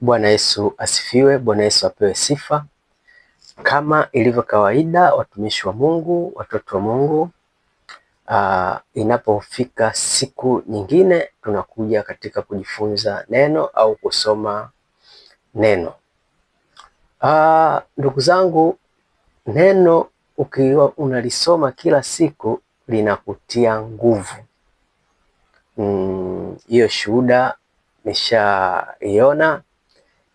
Bwana Yesu asifiwe. Bwana Yesu apewe sifa. Kama ilivyo kawaida, watumishi wa Mungu, watoto wa Mungu, uh, inapofika siku nyingine tunakuja katika kujifunza neno au kusoma neno. Uh, ndugu zangu, neno ukiwa unalisoma kila siku linakutia nguvu. Mm, hiyo mm, shuhuda nishaiona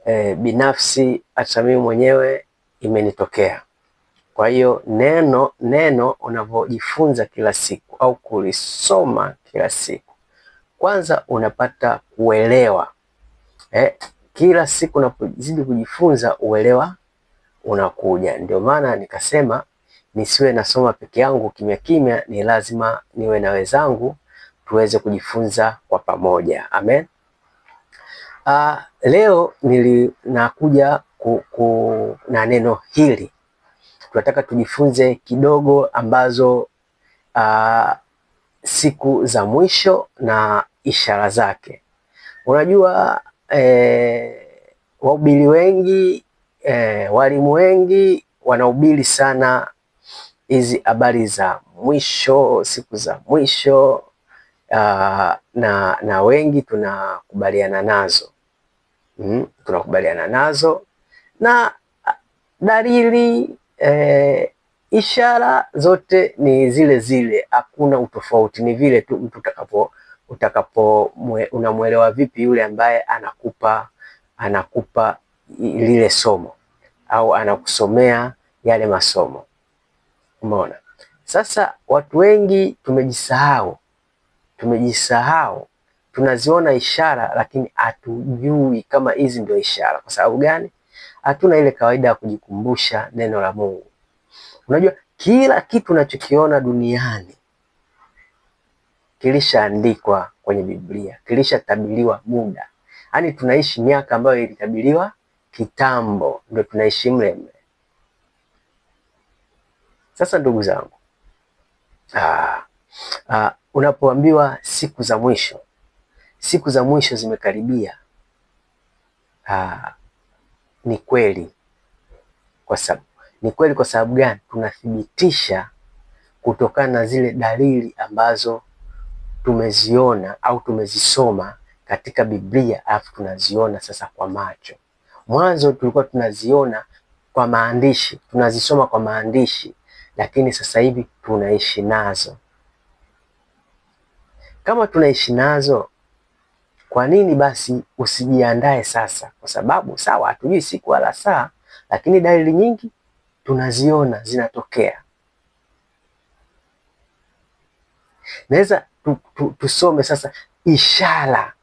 e, binafsi hata mimi mwenyewe imenitokea. Kwa hiyo neno neno unavyojifunza kila siku au kulisoma kila siku, kwanza unapata kuelewa eh, kila siku unapozidi kujifunza uelewa unakuja. Ndio maana nikasema nisiwe nasoma peke yangu kimya kimya, ni lazima niwe na wenzangu tuweze kujifunza kwa pamoja. Amen. Uh, leo nili nakuja ku, ku, na neno hili tunataka tujifunze kidogo ambazo uh, siku za mwisho na ishara zake. Unajua eh, wahubiri wengi eh, walimu wengi wanahubiri sana hizi habari za mwisho, siku za mwisho uh, na, na wengi tunakubaliana nazo mm, tunakubaliana nazo na ah, dalili e, ishara zote ni zile zile, hakuna utofauti, ni vile tu mtu utakapo utakapo unamwelewa vipi yule ambaye anakupa anakupa lile somo au anakusomea yale masomo. Umeona? Sasa watu wengi tumejisahau, tumejisahau tunaziona ishara lakini hatujui kama hizi ndio ishara. Kwa sababu gani? Hatuna ile kawaida ya kujikumbusha neno la Mungu. Unajua kila kitu unachokiona duniani kilishaandikwa kwenye Biblia, kilishatabiliwa muda. Yaani tunaishi miaka ambayo ilitabiliwa kitambo, ndio tunaishi mle mle. Sasa ndugu zangu, ah, ah, unapoambiwa siku za mwisho siku za mwisho zimekaribia. Aa, ni kweli kwa sababu, ni kweli kwa sababu gani? Tunathibitisha kutokana na zile dalili ambazo tumeziona au tumezisoma katika Biblia, alafu tunaziona sasa kwa macho. Mwanzo tulikuwa tunaziona kwa maandishi, tunazisoma kwa maandishi, lakini sasa hivi tunaishi nazo. Kama tunaishi nazo, kwa nini basi usijiandae sasa? Kwa sababu sawa, hatujui siku wala saa, lakini dalili nyingi tunaziona zinatokea. Naweza tu, tu, tusome sasa ishara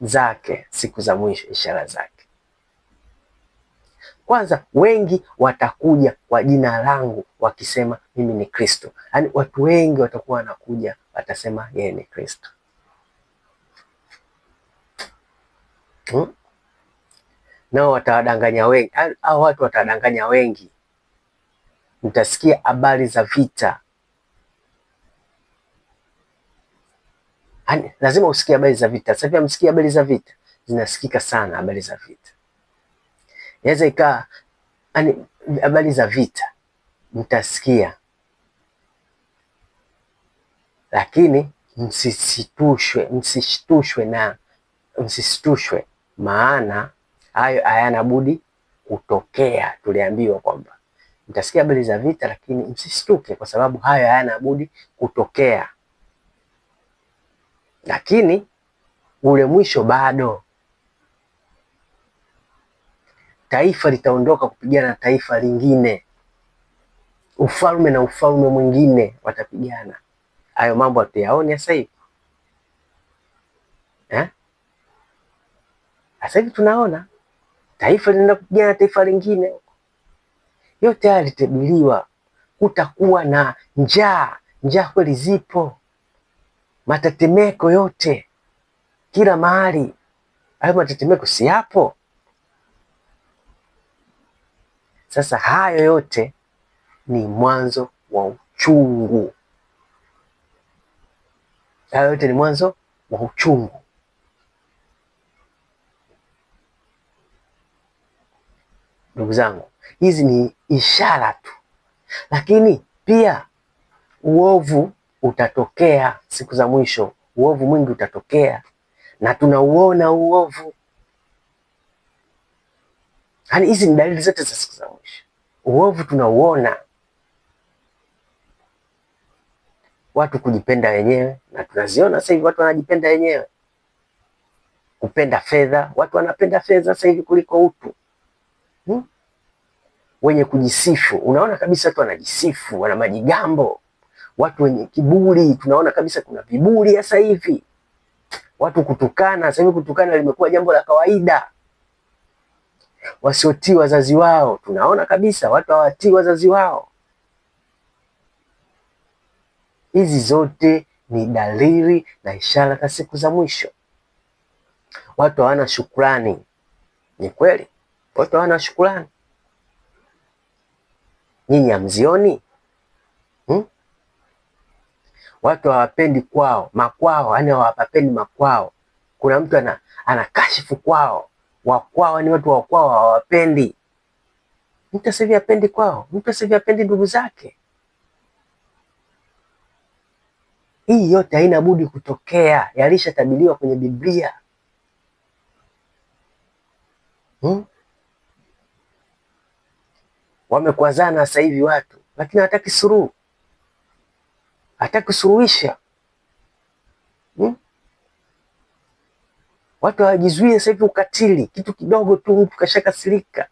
zake, siku za mwisho, ishara zake. Kwanza, wengi watakuja kwa jina langu wakisema mimi ni Kristo. Yaani watu wengi watakuwa wanakuja, watasema yeye ni Kristo. watu hmm? nao watawadanganya wengi, au watu watadanganya wengi. Mtasikia habari za vita, yaani, lazima usikie habari za vita. Sasa pia amsikie habari za vita, zinasikika sana habari za vita, inaweza ikaa ani habari za vita mtasikia, lakini msisitushwe, msishtushwe na msisitushwe maana hayo hayana budi kutokea. Tuliambiwa kwamba mtasikia habari za vita, lakini msistuke, kwa sababu hayo hayana budi kutokea, lakini ule mwisho bado. Taifa litaondoka kupigana na taifa lingine, ufalme na ufalme mwingine watapigana. Hayo mambo hatuyaoni sasa hivi eh? Sasa hivi tunaona taifa linaenda kupigana na taifa lingine, yote haya Kutakuwa na njaa, njaa kweli zipo, matetemeko yote kila mahali. Hayo matetemeko si hapo. Sasa hayo yote ni mwanzo wa uchungu, hayo yote ni mwanzo wa uchungu. Ndugu zangu, hizi ni ishara tu, lakini pia uovu utatokea siku za mwisho. Uovu mwingi utatokea na tunauona uovu, yaani hizi ni dalili zote za siku za mwisho. Uovu tunauona, watu kujipenda wenyewe, na tunaziona sasa hivi watu wanajipenda wenyewe, kupenda fedha. Watu wanapenda fedha sasa hivi kuliko utu hmm? wenye kujisifu, unaona kabisa watu wanajisifu, wana majigambo, watu wenye kiburi. Tunaona kabisa kuna viburi sasa hivi, watu kutukana. Sasa hivi kutukana limekuwa jambo la kawaida. Wasiotii wazazi wao, tunaona kabisa watu hawatii wazazi wao. Hizi zote ni dalili na ishara za siku za mwisho. Watu hawana shukrani, ni kweli watu hawana shukulani Nyinyi hamzioni hmm? Watu hawapendi kwao makwao, yani hawapendi makwao. Kuna mtu ana, ana kashifu kwao wakwao, yani watu wakwao hawapendi mtu asivyo apendi kwao, mtu asivyo apendi ndugu zake. Hii yote haina budi kutokea, yalishatabiliwa kwenye Biblia hmm? wamekwazana sasa hivi watu, lakini hataki suluhu, hataki suruhisha hmm? Watu hawajizuie sasa hivi ukatili, kitu kidogo tu mtu kashakasirika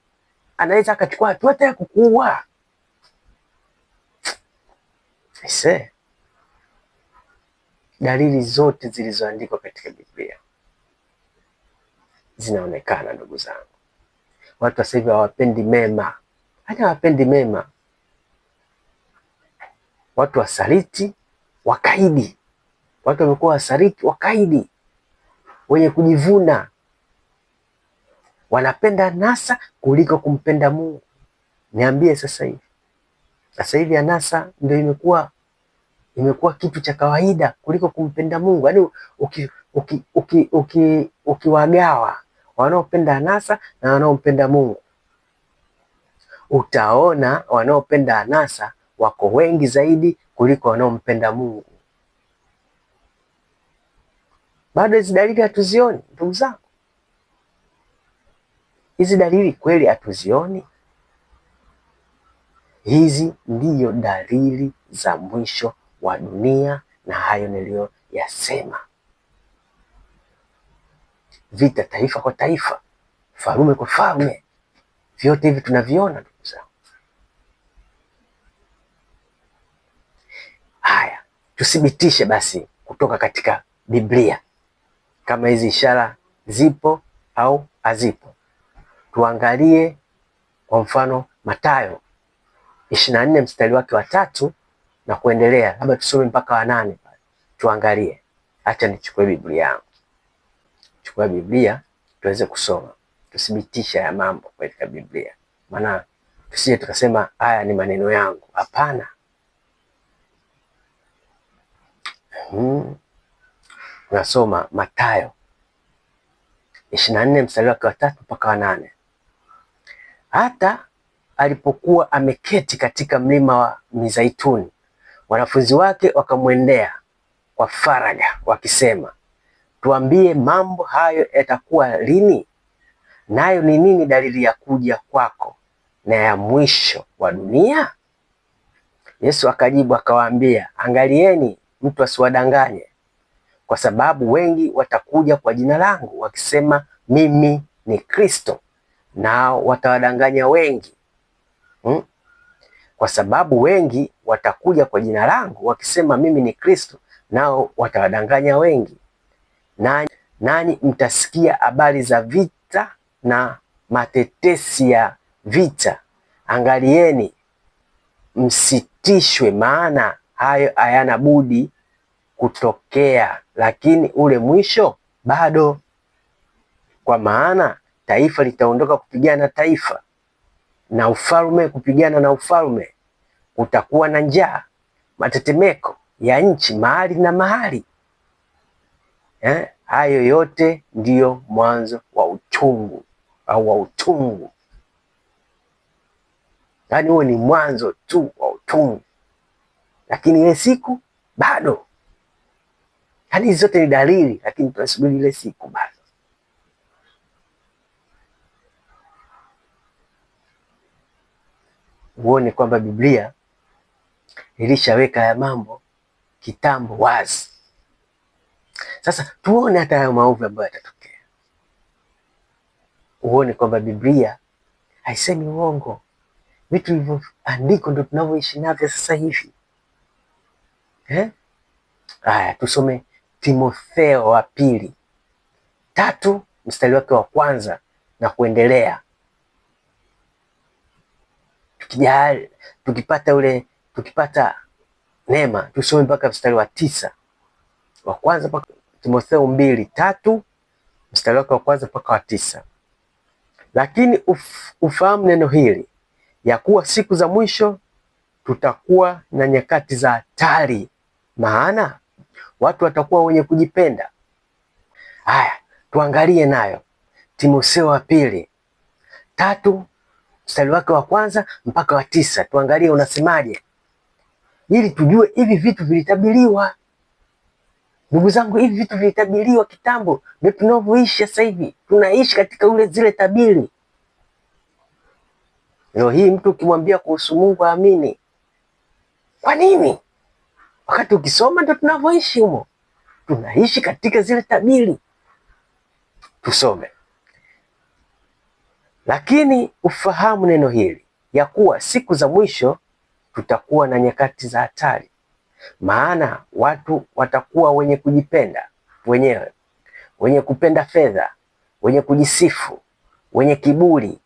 anaweza akachukua hatua hata ya kukuua. Ise, dalili zote zilizoandikwa katika Biblia zinaonekana ndugu zangu, watu sasa hivi hawapendi mema hata wapendi mema, watu wasaliti, wakaidi, watu wamekuwa wasaliti, wakaidi, wenye kujivuna, wanapenda nasa kuliko kumpenda Mungu. Niambie sasa hivi, sasa hivi anasa ndio imekuwa imekuwa kitu cha kawaida kuliko kumpenda Mungu. Yaani uki, uki, uki, uki, ukiwagawa wanaopenda anasa na wanaompenda Mungu utaona wanaopenda anasa wako wengi zaidi kuliko wanaompenda Mungu. Bado hizi dalili hatuzioni ndugu zangu? Hizi dalili kweli hatuzioni? Hizi ndiyo dalili za mwisho wa dunia, na hayo niliyoyasema: vita taifa kwa taifa, falume kwa falume. Vyote hivi tunaviona ndugu zangu. Haya, tuthibitishe basi kutoka katika Biblia kama hizi ishara zipo au hazipo. Tuangalie kwa mfano Mathayo ishirini na nne mstari wake wa tatu na kuendelea, labda tusome mpaka wa nane tuangalie. Acha nichukue Biblia yangu, chukua Biblia tuweze kusoma tuthibitisha ya mambo katika Biblia, maana tusije tukasema haya ni maneno yangu. Hapana. Tunasoma hmm. Nasoma Mathayo ishirini na nne mstari wake wa tatu mpaka wa nane hata alipokuwa ameketi katika mlima wa Mizaituni, wanafunzi wake wakamwendea kwa faraga wakisema, tuambie mambo hayo yatakuwa lini, nayo ni nini dalili ya kuja kwako na ya mwisho wa dunia? Yesu akajibu akawaambia, angalieni mtu asiwadanganye, kwa sababu wengi watakuja kwa jina langu wakisema mimi ni Kristo, nao watawadanganya wengi hmm? Kwa sababu wengi watakuja kwa jina langu wakisema mimi ni Kristo, nao watawadanganya wengi. nani nani mtasikia habari za vita na matetesi ya vita, angalieni msitishwe, maana hayo hayana budi kutokea, lakini ule mwisho bado, kwa maana taifa litaondoka kupigana na taifa na ufalme kupigana na ufalme. Utakuwa na njaa, matetemeko ya nchi mahali na mahali. Eh, hayo yote ndiyo mwanzo wa uchungu au wa utungu. Yaani huo ni mwanzo tu wa utungu, lakini ile siku bado. Yaani hizi zote ni dalili, lakini tunasubiri ile siku bado. Uone kwamba Biblia ilishaweka ya mambo kitambo wazi. Sasa tuone hata hayo maovu ambayo yatatokea uone kwamba Biblia haisemi uongo. Vitu vilivyoandikwa ndo tunavyoishi navyo sasa hivi eh? Aya, tusome Timotheo wa pili tatu mstari wake wa kwanza na kuendelea. Tukijali, tukipata ule tukipata neema tusome mpaka mstari wa tisa wa kwanza mpaka Timotheo mbili tatu mstari wake wa kwanza mpaka wa tisa. Lakini uf, ufahamu neno hili ya kuwa siku za mwisho tutakuwa na nyakati za hatari, maana watu watakuwa wenye kujipenda. Haya, tuangalie nayo Timotheo wa pili tatu mstari wake wa kwanza mpaka wa tisa, tuangalie unasemaje, ili tujue hivi vitu vilitabiriwa. Ndugu zangu, hivi vitu vilitabiriwa kitambo, ndio tunavyoishi sasa hivi. Tunaishi katika ule zile tabiri. Leo hii mtu ukimwambia kuhusu Mungu aamini. Kwa nini? Wakati ukisoma ndio tunavyoishi humo, tunaishi katika zile tabiri. Tusome lakini ufahamu neno hili ya kuwa siku za mwisho tutakuwa na nyakati za hatari maana watu watakuwa wenye kujipenda wenyewe, wenye kupenda fedha, wenye kujisifu, wenye kiburi,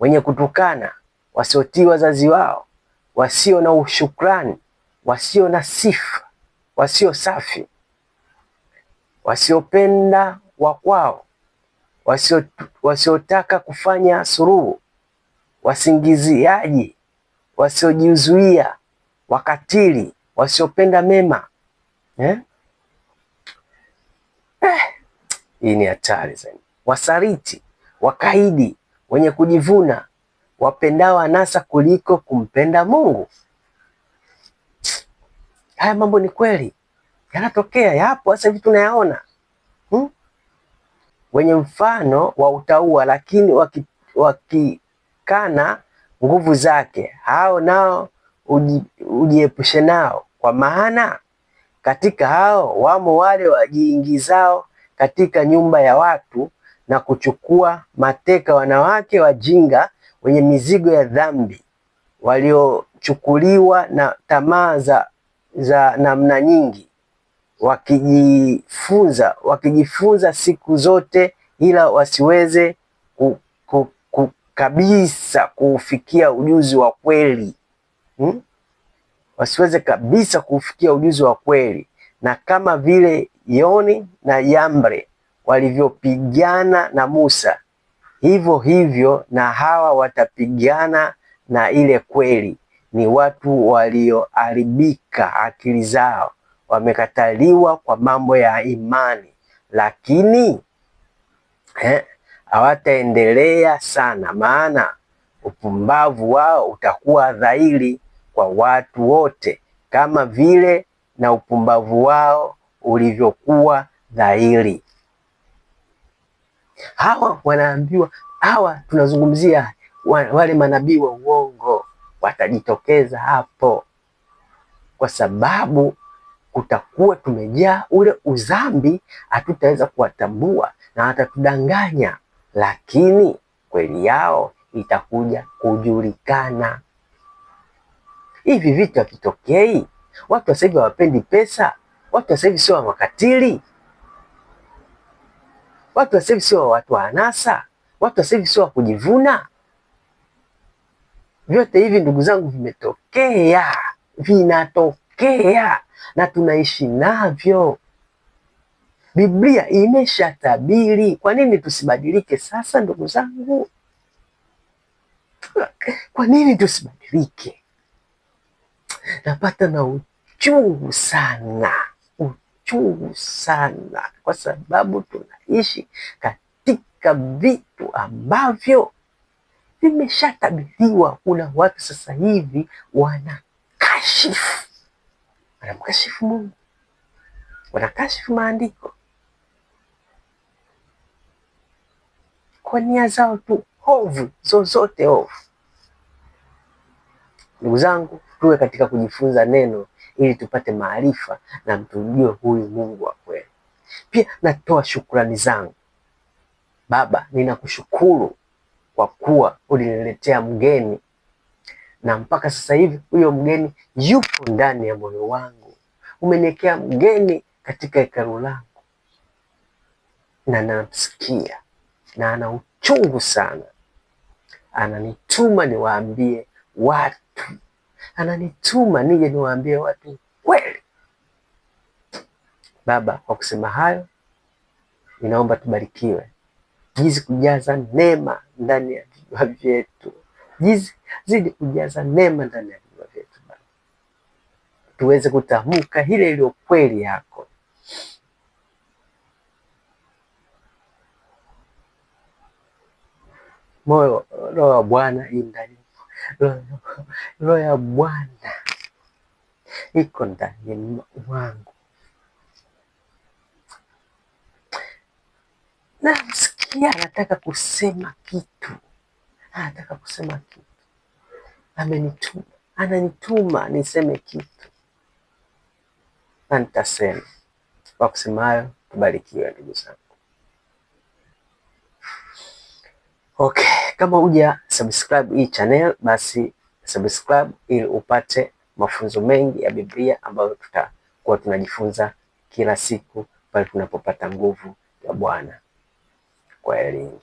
wenye kutukana, wasiotii wazazi wao, wasio na ushukrani, wasio na sifa, wasio safi, wasiopenda wakwao, wasio wasiotaka kufanya suruhu wasingiziaji, wasiojizuia, wakatili wasiopenda mema eh? Eh, hii ni hatari sana. Wasaliti, wakaidi, wenye kujivuna, wapendao anasa kuliko kumpenda Mungu. Haya mambo ni kweli, yanatokea, yapo sasa hivi tunayaona hmm? Wenye mfano wa utaua, lakini wakikana waki nguvu zake, hao nao ujiepushe nao, kwa maana katika hao wamo wale wajiingizao katika nyumba ya watu na kuchukua mateka wanawake wajinga wenye mizigo ya dhambi, waliochukuliwa na tamaa za, za namna nyingi, wakijifunza wakijifunza siku zote, ila wasiweze ku, ku, ku, kabisa kuufikia ujuzi wa kweli hmm? wasiweze kabisa kufikia ujuzi wa kweli, na kama vile Yoni na Yambre walivyopigana na Musa, hivyo hivyo na hawa watapigana na ile kweli. Ni watu walioharibika akili zao, wamekataliwa kwa mambo ya imani, lakini eh, hawataendelea sana, maana upumbavu wao utakuwa dhahiri kwa watu wote kama vile na upumbavu wao ulivyokuwa dhahiri. Hawa wanaambiwa hawa, tunazungumzia wale manabii wa uongo watajitokeza hapo, kwa sababu kutakuwa tumejaa ule uzambi, hatutaweza kuwatambua na watatudanganya, lakini kweli yao itakuja kujulikana. Hivi vitu havitokei. Watu sasa hivi hawapendi pesa, watu sasa hivi sio wakatili, watu sasa hivi sio watu wa anasa, watu sasa hivi sio wa kujivuna. Vyote hivi ndugu zangu, vimetokea, vinatokea na tunaishi navyo. Biblia imeshatabiri. Kwa nini tusibadilike sasa, ndugu zangu? Kwa nini tusibadilike? napata na uchungu sana, uchungu sana, kwa sababu tunaishi katika vitu ambavyo vimeshatabiriwa. Kuna watu sasa hivi wanakashifu, wanamkashifu Mungu, wanakashifu maandiko kwa nia zao tu ovu, zozote ovu. Ndugu zangu tuwe katika kujifunza neno ili tupate maarifa na mtumjue huyu Mungu wa kweli. Pia natoa shukrani zangu. Baba, ninakushukuru kwa kuwa uliniletea mgeni na mpaka sasa hivi huyo mgeni yupo ndani ya moyo wangu. Umeniwekea mgeni katika hekalu langu na namsikia na ana uchungu sana, ananituma niwaambie watu ananituma nije niwaambie watu kweli. Baba, kwa kusema hayo, ninaomba tubarikiwe jizi kujaza neema ndani ya vinywa vyetu, jizi zidi kujaza neema ndani ya vinywa vyetu, Baba, tuweze kutamka ile iliyo kweli yako moyo. Roho wa Bwana ii ndani Roho ya Bwana iko ndani na namsikia anataka kusema kitu, anataka kusema kitu, amenituma, ananituma niseme kitu, na nitasema kwa hayo, Tubarikiwe ndugu zangu, okay. Kama uja subscribe hii channel, basi subscribe ili upate mafunzo mengi ya Biblia ambayo tutakuwa tunajifunza kila siku pale tunapopata nguvu ya Bwana kwa elimu.